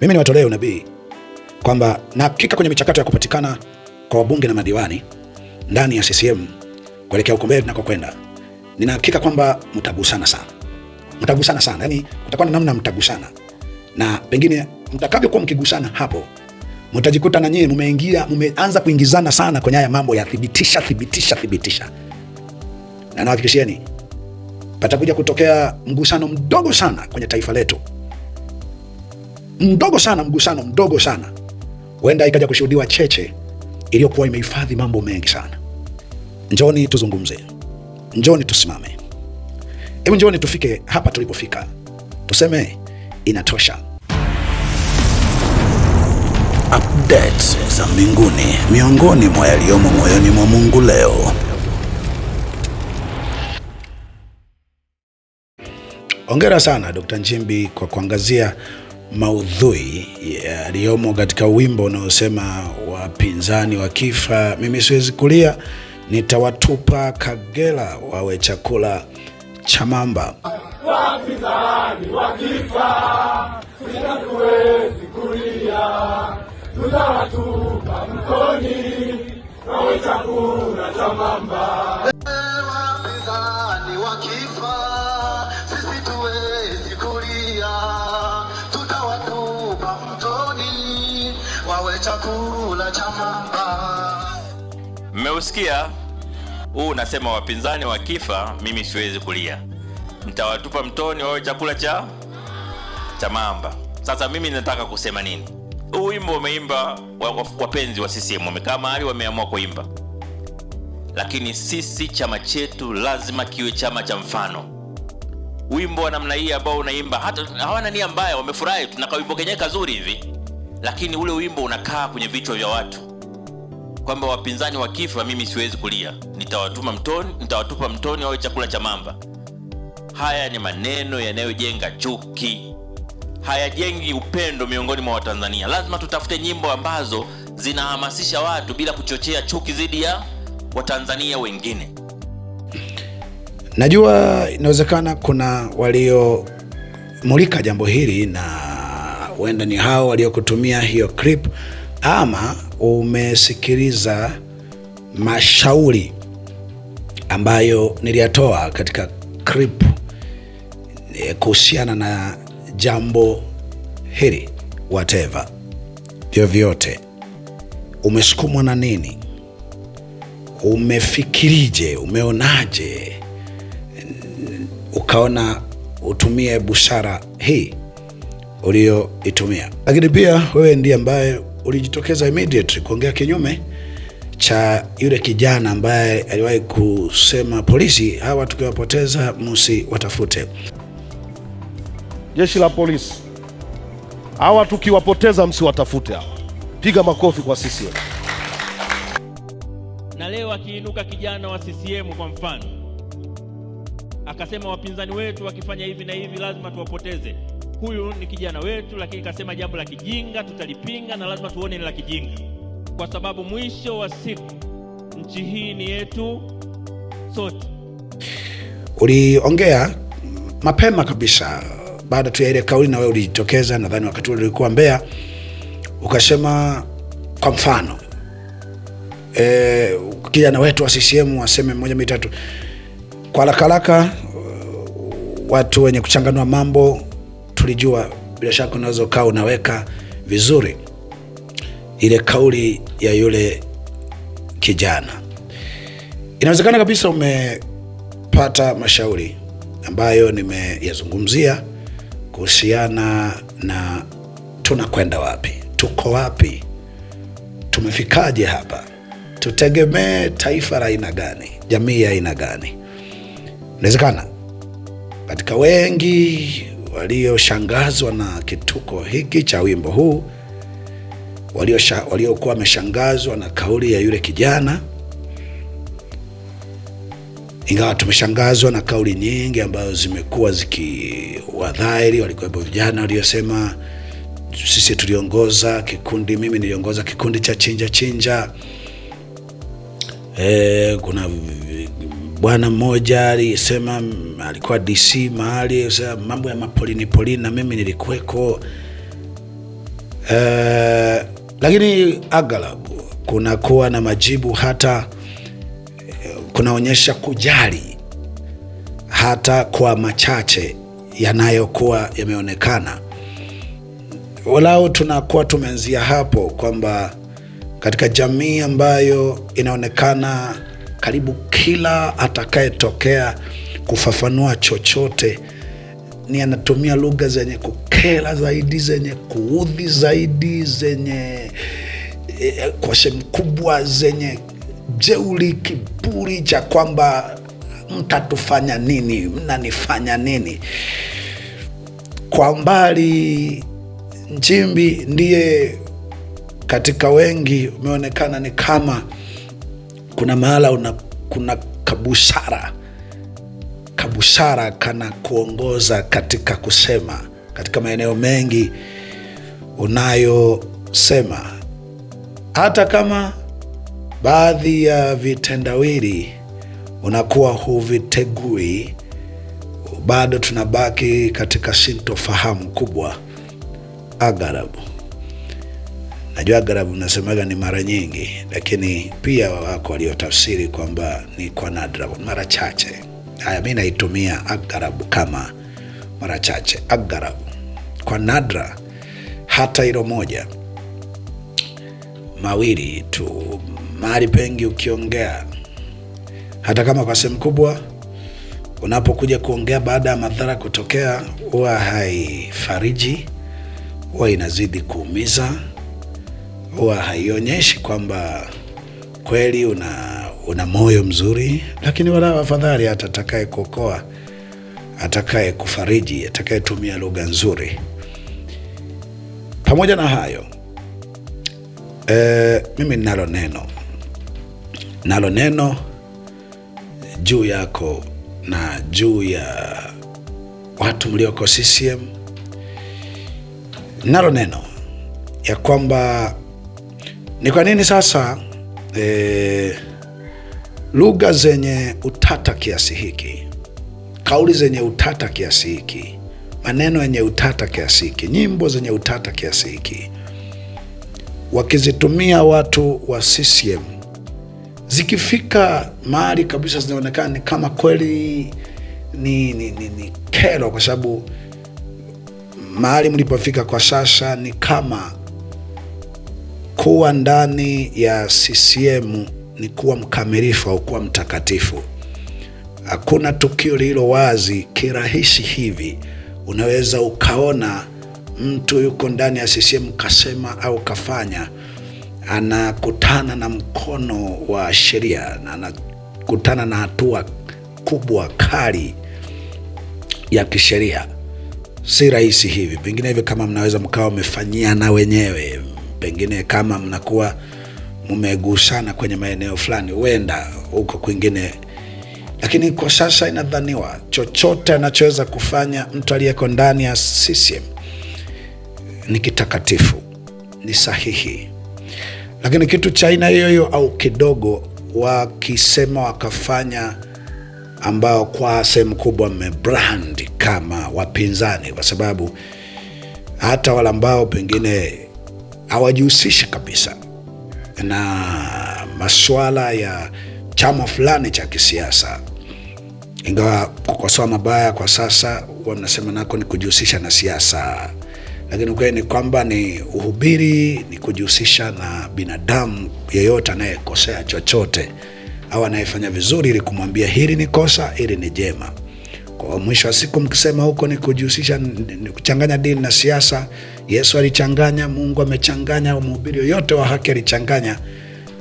Mimi niwatolee unabii kwamba nahakika kwenye michakato ya kupatikana kwa wabunge na madiwani ndani ya CCM kuelekea huko mbele tunakokwenda, ninahakika kwamba mtagusana sana, mtagusana sana, yani kutakuwa na namna mtagusana, na pengine mtakavyokuwa mkigusana hapo mtajikuta na nyinyi mmeingia, mmeanza kuingizana sana kwenye haya mambo ya thibitisha thibitisha thibitisha, na nawahakikishieni patakuja kutokea mgusano mdogo sana kwenye taifa letu mdogo sana, mgusano mdogo sana, huenda ikaja kushuhudiwa cheche iliyokuwa imehifadhi mambo mengi sana. Njoni tuzungumze, njoni tusimame, hebu njoni tufike hapa tulipofika, tuseme inatosha. Updates za mbinguni, miongoni mwa yaliyomo moyoni mwa Mungu leo. Hongera sana Dr. Njimbi kwa kuangazia maudhui yaliyomo katika wimbo unaosema wapinzani wakifa, mimi siwezi kulia, nitawatupa Kagera wawe chakula cha mamba. Wapinzani wakifa, siwezi kulia, tutawatupa mtoni wawe chakula cha mamba. Wapinzani wakifa Mmeusikia huu unasema, wapinzani wakifa mimi siwezi kulia, mtawatupa mtoni wawe chakula cha cha mamba. Sasa mimi nataka kusema nini? Huu wimbo wameimba wapenzi wa CCM, wamekaa mahali wameamua kuimba, lakini sisi chama chetu lazima kiwe chama cha mfano wimbo wa namna hii ambao unaimba, hata hawana nia mbaya, wamefurahi, tuna kawimbo kazuri hivi, lakini ule wimbo unakaa kwenye vichwa vya watu kwamba wapinzani wakifa mimi siwezi kulia, nitawatuma mtoni, nitawatupa mtoni wawe chakula cha mamba. Haya ni maneno yanayojenga chuki, hayajengi upendo miongoni mwa Watanzania. Lazima tutafute nyimbo ambazo zinahamasisha watu bila kuchochea chuki dhidi ya Watanzania wengine. Najua inawezekana kuna waliomulika jambo hili na huenda ni hao waliokutumia hiyo clip ama umesikiliza mashauri ambayo niliyatoa katika clip eh, kuhusiana na jambo hili whatever, vyovyote umesukumwa na nini? Umefikirije? Umeonaje ukaona utumie busara hii uliyoitumia? Lakini pia wewe ndiye ambaye ulijitokeza immediately kuongea kinyume cha yule kijana ambaye aliwahi kusema polisi, hawa tukiwapoteza msi watafute. Jeshi la polisi, hawa tukiwapoteza watafute hawa. Piga makofi kwa CCM. Na leo akiinuka kijana wa CCM kwa mfano akasema wapinzani wetu wakifanya hivi na hivi lazima tuwapoteze huyu ni kijana wetu, lakini kasema jambo la kijinga, tutalipinga na lazima tuone ni la kijinga, kwa sababu mwisho wa siku nchi hii ni yetu sote. Uliongea mapema kabisa baada tu ya ile kauli, na wewe ulijitokeza, nadhani wakati ule ulikuwa Mbeya, ukasema kwa mfano e, kijana wetu wa CCM waseme moja mitatu kwa haraka haraka, watu wenye kuchanganua mambo tulijua bila shaka unaweza ukawa unaweka vizuri ile kauli ya yule kijana. Inawezekana kabisa umepata mashauri ambayo nimeyazungumzia kuhusiana na tunakwenda wapi, tuko wapi, tumefikaje hapa, tutegemee taifa la aina gani, jamii ya aina gani. Inawezekana katika wengi walioshangazwa na kituko hiki cha wimbo huu, waliokuwa wameshangazwa na kauli ya yule kijana, ingawa tumeshangazwa na kauli nyingi ambazo zimekuwa zikiwadhairi. Walikuwepo vijana waliosema sisi tuliongoza kikundi, mimi niliongoza kikundi cha chinja chinja. E, kuna bwana mmoja alisema, alikuwa DC mahali, mambo ya mapolini polini, na mimi nilikuweko. eh, lakini aghalabu kunakuwa na majibu hata kunaonyesha kujali hata kwa machache yanayokuwa yameonekana. Walau tunakuwa tumeanzia hapo kwamba katika jamii ambayo inaonekana karibu kila atakayetokea kufafanua chochote ni anatumia lugha zenye kukera zaidi, zenye kuudhi zaidi, zenye e, eh, kwa sehemu kubwa zenye jeuri, kiburi cha kwamba mtatufanya nini, mnanifanya nini? Kwa mbali, Nchimbi ndiye katika wengi umeonekana ni kama kuna mahala una, kuna kabushara kabushara kana kuongoza katika kusema katika maeneo mengi unayosema, hata kama baadhi ya vitendawili unakuwa huvitegui, bado tunabaki katika sintofahamu kubwa agarabu. Najua aghalabu mnasemaga ni mara nyingi, lakini pia wako waliotafsiri kwamba ni kwa nadra, mara chache. Haya, mi naitumia agarabu kama mara chache. agarabu kwa nadra, hata hilo moja mawili tu, mahali pengi ukiongea, hata kama kwa sehemu kubwa unapokuja kuongea baada ya madhara kutokea, huwa haifariji, huwa inazidi kuumiza huwa haionyeshi kwamba kweli una, una moyo mzuri, lakini wala afadhali hata atakaye kuokoa, atakaye kufariji, atakayetumia lugha nzuri. Pamoja na hayo e, mimi ninalo neno, nalo neno juu yako na juu ya watu mlioko CCM, nalo neno ya kwamba ni kwa nini sasa e, lugha zenye utata kiasi hiki, kauli zenye utata kiasi hiki, maneno yenye utata kiasi hiki, nyimbo zenye utata kiasi hiki wakizitumia watu wa CCM zikifika mahali kabisa zinaonekana ni kama kweli ni, ni, ni, ni kero, kwa sababu mahali mlipofika kwa sasa ni kama kuwa ndani ya CCM ni kuwa mkamilifu au kuwa mtakatifu. Hakuna tukio lililo wazi kirahisi hivi unaweza ukaona mtu yuko ndani ya CCM kasema au kafanya, anakutana na mkono wa sheria, na anakutana na hatua kubwa kali ya kisheria. Si rahisi hivi, vinginevyo hivi kama mnaweza mkawa mmefanyia na wenyewe pengine kama mnakuwa mmegusana kwenye maeneo fulani, huenda huko kwingine, lakini kwa sasa inadhaniwa chochote anachoweza kufanya mtu aliyeko ndani ya CCM ni kitakatifu, ni sahihi. Lakini kitu cha aina hiyo hiyo au kidogo wakisema wakafanya, ambao kwa sehemu kubwa mmebrand kama wapinzani, kwa sababu hata wale ambao pengine hawajihusishi kabisa na masuala ya chama fulani cha kisiasa, ingawa kukosoa mabaya kwa sasa huwa mnasema nako ni kujihusisha na siasa, lakini ukweli ni kwamba ni uhubiri, ni kujihusisha na binadamu yeyote anayekosea chochote au anayefanya vizuri, ili kumwambia hili ni kosa, hili ni jema mwisho wa siku mkisema huko ni kujihusisha, ni kuchanganya dini na siasa. Yesu alichanganya, Mungu amechanganya, mhubiri yoyote wa haki alichanganya.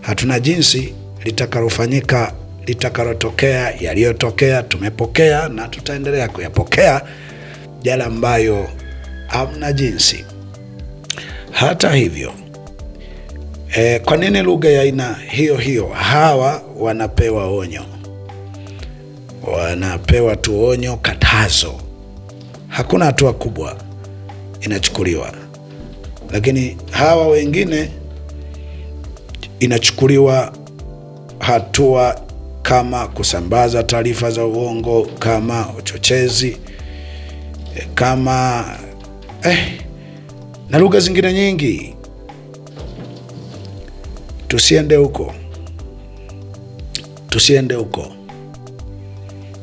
Hatuna jinsi, litakalofanyika litakalotokea, yaliyotokea tumepokea na tutaendelea kuyapokea yale ambayo hamna jinsi. Hata hivyo e, kwa nini lugha ya aina hiyo hiyo? Hawa wanapewa onyo wanapewa tuonyo katazo. Hakuna hatua kubwa inachukuliwa, lakini hawa wengine inachukuliwa hatua kama kusambaza taarifa za uongo, kama uchochezi, kama eh, na lugha zingine nyingi. Tusiende huko, tusiende huko.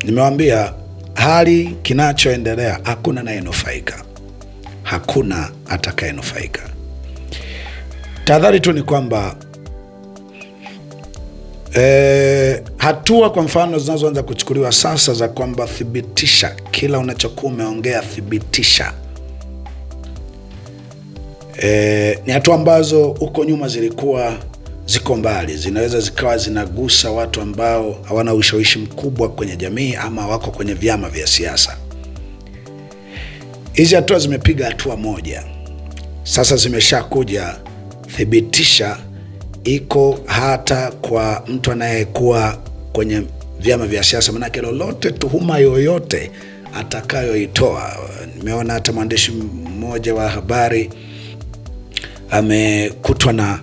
Nimewambia hali kinachoendelea, hakuna anayenufaika, hakuna atakayenufaika. Tahadhari tu ni kwamba e, hatua kwa mfano zinazoanza kuchukuliwa sasa za kwamba thibitisha kila unachokuwa umeongea, thibitisha e, ni hatua ambazo huko nyuma zilikuwa ziko mbali, zinaweza zikawa zinagusa watu ambao hawana ushawishi mkubwa kwenye jamii ama wako kwenye vyama vya siasa. Hizi hatua zimepiga hatua moja, sasa zimeshakuja thibitisha iko hata kwa mtu anayekuwa kwenye vyama vya siasa, manake lolote, tuhuma yoyote atakayoitoa. Nimeona hata mwandishi mmoja wa habari amekutwa na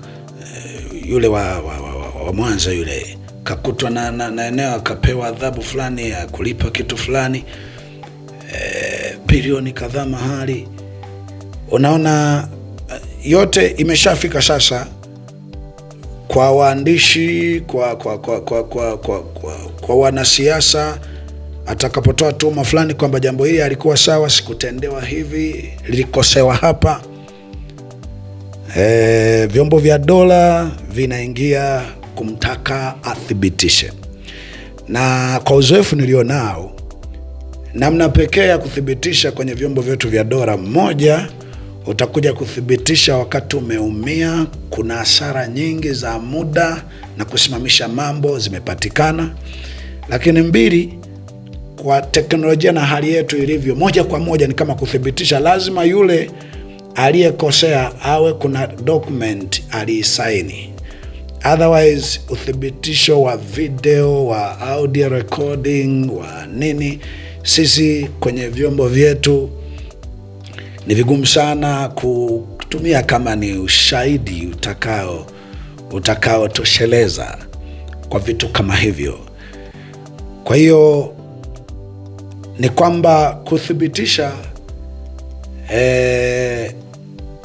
yule wa, wa, wa, wa Mwanza yule kakutwa na, na, na eneo akapewa adhabu fulani ya kulipa kitu fulani e, eh, bilioni kadhaa mahali. Unaona, eh, yote imeshafika sasa kwa waandishi kwa, kwa, kwa, kwa, kwa, kwa, kwa, kwa wanasiasa atakapotoa tuma fulani kwamba jambo hili alikuwa sawa, sikutendewa hivi, lilikosewa hapa e, vyombo vya dola vinaingia kumtaka athibitishe, na kwa uzoefu nilionao, namna pekee ya kuthibitisha kwenye vyombo vyetu vya dola, mmoja utakuja kuthibitisha wakati umeumia, kuna hasara nyingi za muda na kusimamisha mambo zimepatikana, lakini mbili kwa teknolojia na hali yetu ilivyo, moja kwa moja ni kama kuthibitisha, lazima yule aliyekosea awe kuna document aliisaini, otherwise uthibitisho wa video wa audio recording wa nini, sisi kwenye vyombo vyetu ni vigumu sana kutumia kama ni ushahidi utakao utakaotosheleza kwa vitu kama hivyo. Kwa hiyo ni kwamba kuthibitisha eh,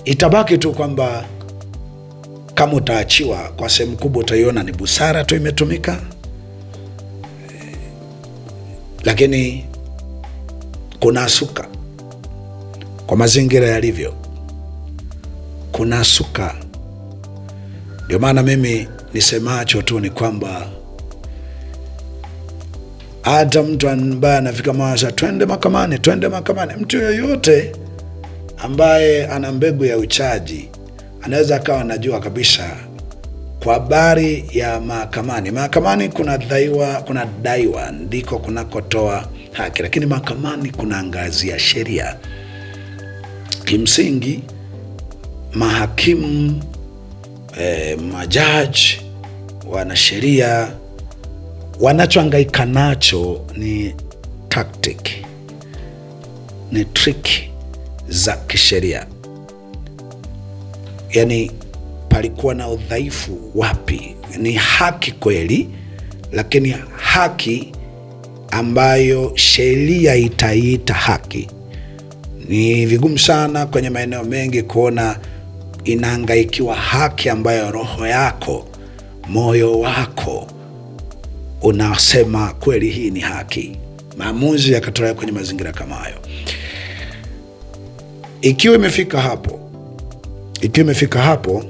itabaki tu kwamba kama utaachiwa, kwa sehemu kubwa utaiona ni busara tu imetumika, lakini kuna suka kwa mazingira yalivyo, kuna suka Ndio maana mimi nisemacho tu ni kwamba hata mtu ambaye anafika mawaza, twende mahakamani, twende mahakamani, mtu yoyote ambaye ana mbegu ya uchaji anaweza akawa anajua kabisa kwa habari ya mahakamani. Mahakamani kuna daiwa, kuna daiwa ndiko kunakotoa haki, lakini mahakamani kuna ngazi ya sheria. Kimsingi mahakimu eh, majaji, wanasheria wanachoangaika nacho ni tactic, ni triki za kisheria. Yaani palikuwa na udhaifu wapi? Ni haki kweli, lakini haki ambayo sheria itaiita haki. Ni vigumu sana kwenye maeneo mengi kuona inahangaikiwa haki ambayo roho yako, moyo wako unasema kweli hii ni haki. Maamuzi yakatolewa kwenye mazingira kama hayo. Ikiwa imefika hapo, ikiwa imefika hapo,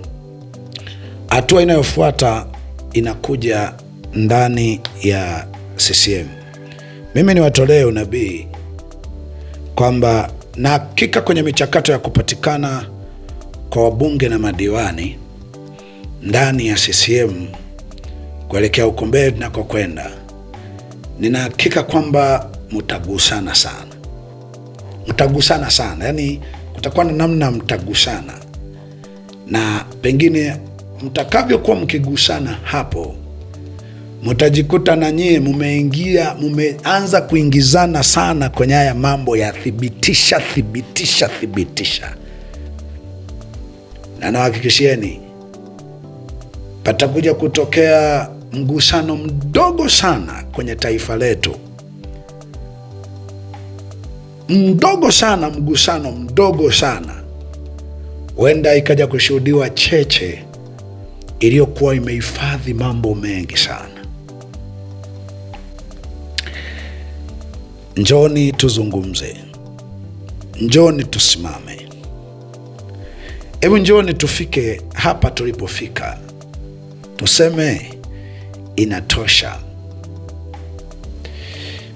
hatua inayofuata inakuja ndani ya CCM. Mimi niwatolee unabii kwamba na hakika kwenye michakato ya kupatikana kwa wabunge na madiwani ndani ya CCM kuelekea huko mbele tunakokwenda, nina hakika kwamba mtagusana sana, mtagusana sana yani kutakuwa na namna mtagusana, na pengine mtakavyokuwa mkigusana hapo mtajikuta na nyie mumeingia mumeanza kuingizana sana kwenye haya mambo ya thibitisha thibitisha thibitisha, na nawahakikishieni patakuja kutokea mgusano mdogo sana kwenye taifa letu mdogo sana, mgusano mdogo sana, huenda ikaja kushuhudiwa cheche iliyokuwa imehifadhi mambo mengi sana. Njoni tuzungumze, njoni tusimame, hebu njoni tufike hapa tulipofika, tuseme inatosha.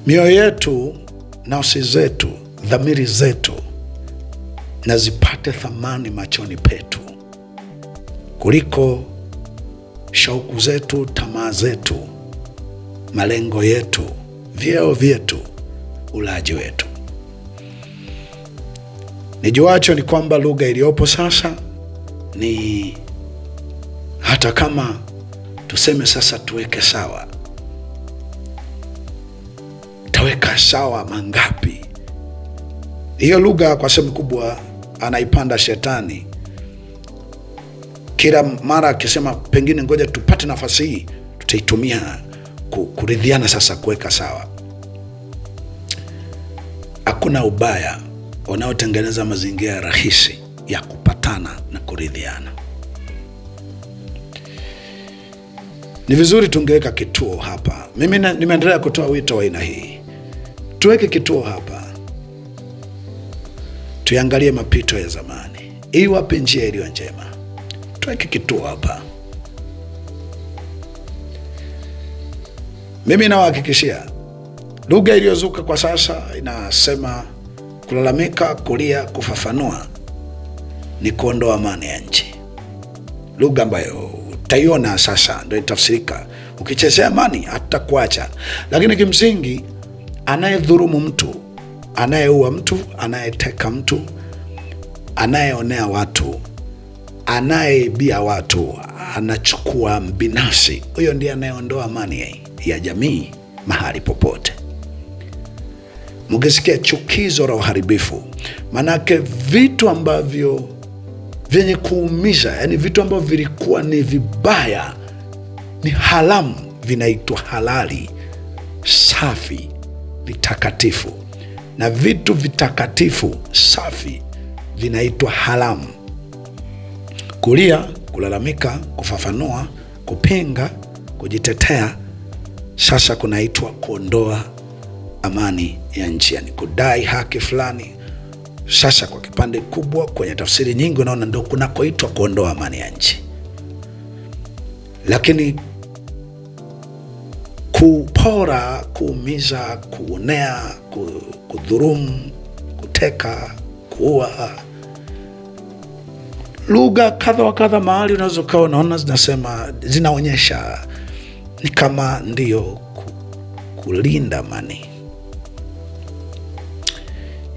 Mioyo yetu, nafsi zetu dhamiri zetu na zipate thamani machoni petu kuliko shauku zetu, tamaa zetu, malengo yetu, vyeo vyetu, ulaji wetu. Nijuacho ni kwamba lugha iliyopo sasa ni hata kama tuseme sasa, tuweke sawa, taweka sawa mangapi? Hiyo lugha kwa sehemu kubwa anaipanda shetani kila mara akisema, pengine ngoja tupate nafasi hii, tutaitumia kuridhiana, sasa kuweka sawa. Hakuna ubaya unaotengeneza mazingira rahisi ya kupatana na kuridhiana. Ni vizuri tungeweka kituo hapa. Mimi nimeendelea kutoa wito wa aina hii, tuweke kituo hapa tuiangalie mapito ya zamani, iwape njia iliyo njema. Tuweke kituo hapa. Mimi nawahakikishia lugha iliyozuka kwa sasa inasema kulalamika, kulia, kufafanua ni kuondoa amani ya nchi. Lugha ambayo utaiona sasa ndo itafsirika, ukichezea amani hatakuacha. Lakini kimsingi anayedhurumu mtu anayeua mtu, anayeteka mtu, anayeonea watu, anayeibia watu, anachukua binafsi, huyo ndiye anayeondoa amani ya jamii mahali popote. Mkisikia chukizo la uharibifu, manake vitu ambavyo vyenye kuumiza, yani vitu ambavyo vilikuwa ni vibaya, ni haramu, vinaitwa halali, safi, vitakatifu na vitu vitakatifu safi vinaitwa haramu. Kulia, kulalamika, kufafanua, kupinga, kujitetea, sasa kunaitwa kuondoa amani ya nchi, yani kudai haki fulani. Sasa kwa kipande kubwa, kwenye tafsiri nyingi, unaona ndo kunakoitwa kuondoa amani ya nchi, lakini kupora, kuumiza, kuonea, kudhurumu, kuteka, kuua, lugha kadha wa kadha, mahali unaweza ukawa unaona zinasema zinaonyesha ni kama ndiyo kulinda mani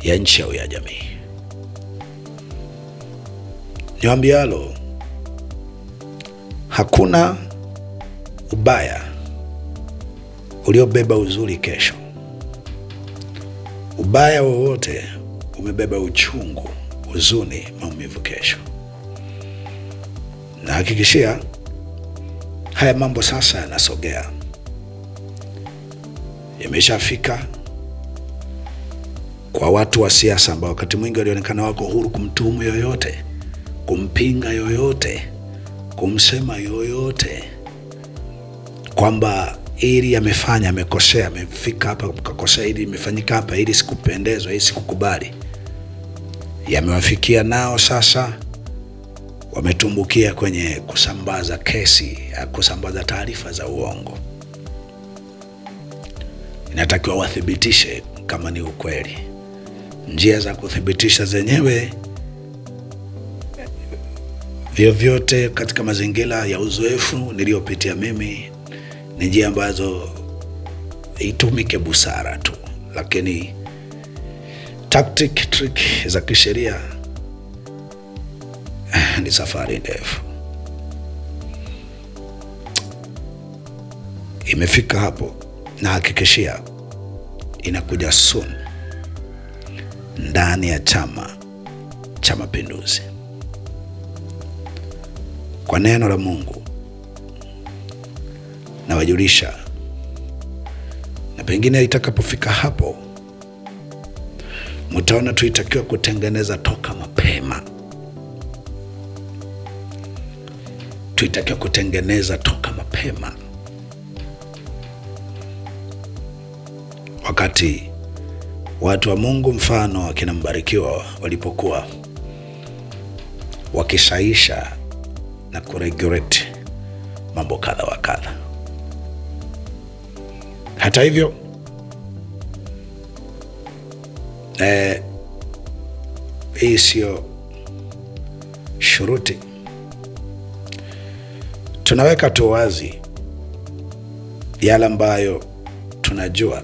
ya nchi au ya jamii. Niwaambialo, hakuna ubaya uliobeba uzuri kesho. Ubaya wowote umebeba uchungu, huzuni, maumivu kesho. Na hakikishia haya mambo sasa yanasogea, yameshafika kwa watu wa siasa ambao wakati mwingi walionekana wako huru kumtuhumu yoyote, kumpinga yoyote, kumsema yoyote kwamba ili amefanya amekosea, amefika hapa kakosea, ili imefanyika hapa, ili sikupendezwa, ili sikukubali, yamewafikia nao sasa wametumbukia kwenye kusambaza kesi, kusambaza taarifa za uongo. Inatakiwa wathibitishe kama ni ukweli. Njia za kuthibitisha zenyewe, vyovyote katika mazingira ya uzoefu niliyopitia mimi ni njia ambazo itumike busara tu, lakini tactic trick za kisheria eh, ni safari ndefu. Imefika hapo, nahakikishia inakuja soon ndani ya Chama cha Mapinduzi, kwa neno la Mungu anawajulisha, na pengine itakapofika hapo mtaona tuitakiwa kutengeneza toka mapema, tuitakiwa kutengeneza toka mapema, wakati watu wa Mungu mfano akina Mbarikiwa walipokuwa wakishaisha na kuregulate mambo kadha wa kadha. Hata hivyo eh, hii siyo shuruti, tunaweka tu wazi yale ambayo tunajua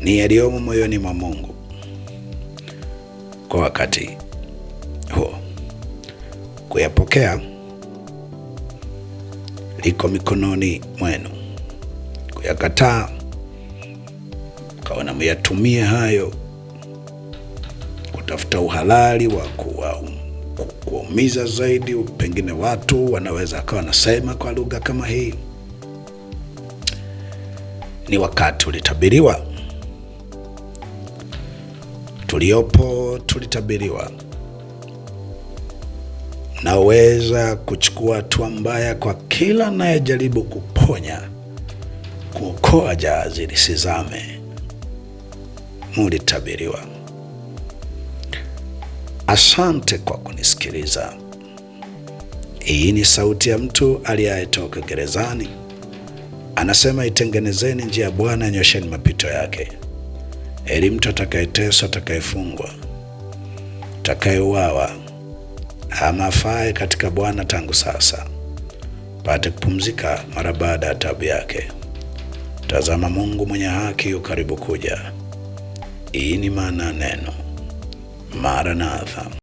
ni yaliyomo moyoni mwa Mungu kwa wakati huo. Kuyapokea liko mikononi mwenu kuyakataa, kaona myatumie hayo kutafuta uhalali wa kuwaumiza zaidi, pengine watu wanaweza akawa nasema kwa lugha kama hii. Ni wakati ulitabiriwa, tuliopo tulitabiriwa. Naweza kuchukua hatua mbaya kwa kila anayejaribu kuponya kuokoa jahazi lisizame mulitabiriwa. Asante kwa kunisikiliza. Hii ni sauti ya mtu aliyetoka gerezani, anasema itengenezeni njia ya Bwana, nyosheni mapito yake. eli mtu atakayeteswa, atakayefungwa, atakayeuawa ama katika Bwana tangu sasa pate kupumzika mara baada ya tabu yake. Tazama, Mungu mwenye haki yu karibu kuja. Hii ni maana ya neno Maranatha.